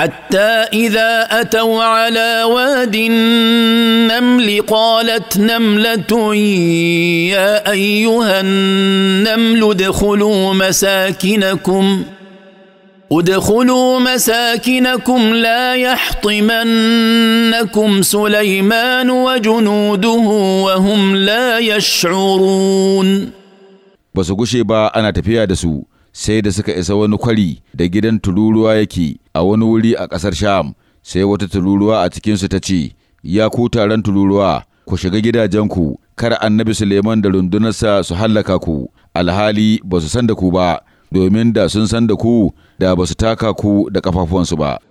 حتى اذا اتوا على واد النمل قالت نمله يا ايها النمل ادخلوا مساكنكم ادخلوا مساكنكم لا يحطمنكم سليمان وجنوده وهم لا يشعرون بس ba أنا تفيها دسو sai da suka isa wani kwari da gidan tururuwa yake a wani wuri a ƙasar Sham, sai wata tururuwa a cikinsu ta ce, Ya ku taron tururuwa, ku shiga gidajenku, kar annabi Suleiman da rundunarsa su hallaka ku, alhali ba su san da ku ba, domin da sun san da ku da ba su taka ku da ƙafafuwansu ba.